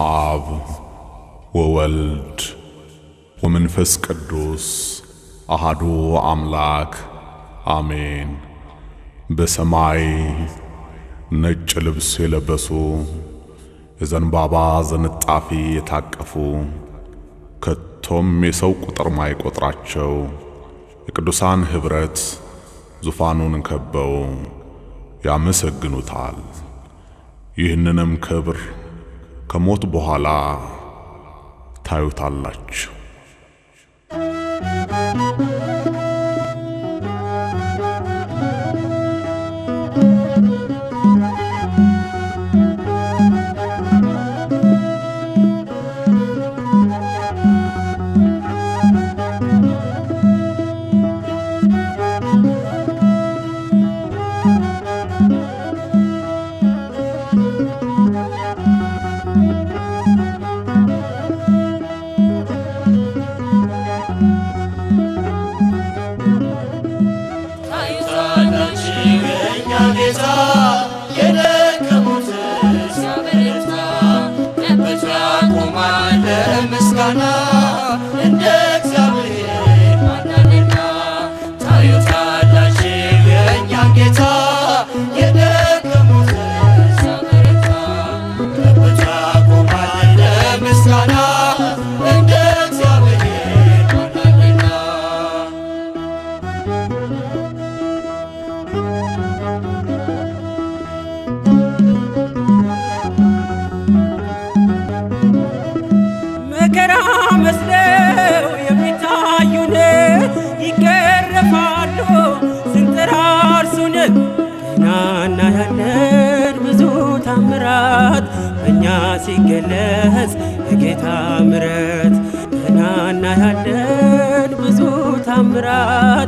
አብ ወወልድ ወመንፈስ ቅዱስ አሃዱ አምላክ አሜን። በሰማይ ነጭ ልብስ የለበሱ የዘንባባ ዝንጣፊ የታቀፉ ከቶም የሰው ቁጥር ማይቆጥራቸው የቅዱሳን ኅብረት ዙፋኑን ከበው ያመሰግኑታል። ይህንንም ክብር ከሞት በኋላ ታዩታላችሁ። መከራ መስለው የሚታዩን ይገረፋሉ ስንጠራርሱን ናና ያለን ብዙ ታምራት በእኛ ሲገለጽ በጌታ ምረት ናና ያለን ብዙ ታምራት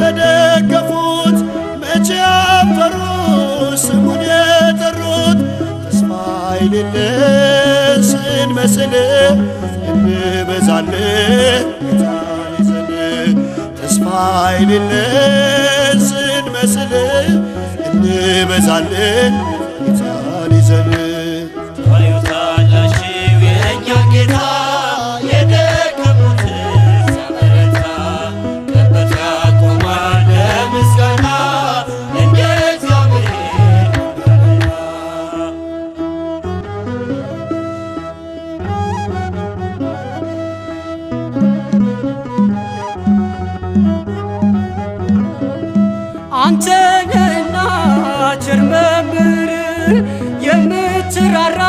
ተደገፉት መቼ አፈሩ ስሙን የጠሩት ተስፋ ይልልን ስንመስል እንበዛል ጌታን ተስፋ ስንመስል እንበዛል የምትራራ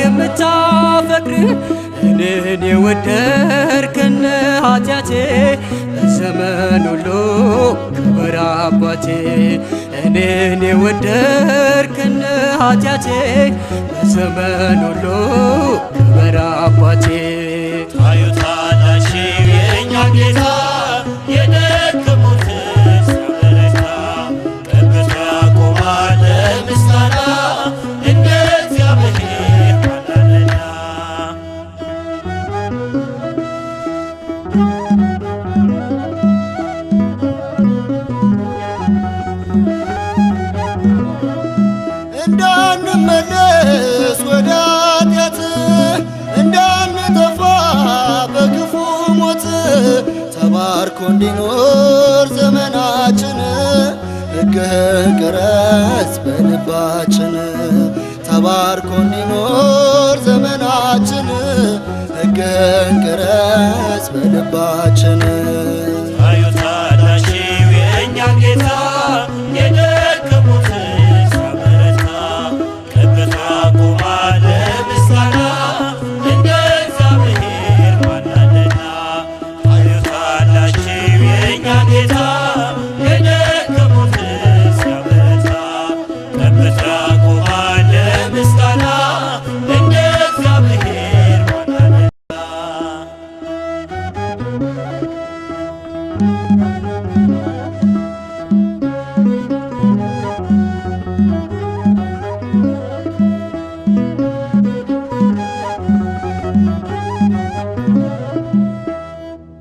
የምታፈቅር እኔን የወደድከነ ኃጢአቴ በዘመን ሁሉ ክብር አባቴ እኔን የወደድከነ ኃጢአቴ በዘመን ሁሉ ክብር አባቴ ታዩታላሽ ጌታ ተባርኮ እንዲኖር ዘመናችን ሕግህን ቅረጽ በልባችን ተባርኮ እንዲኖር ዘመናችን ሕግህን ቅረጽ በልባችን all.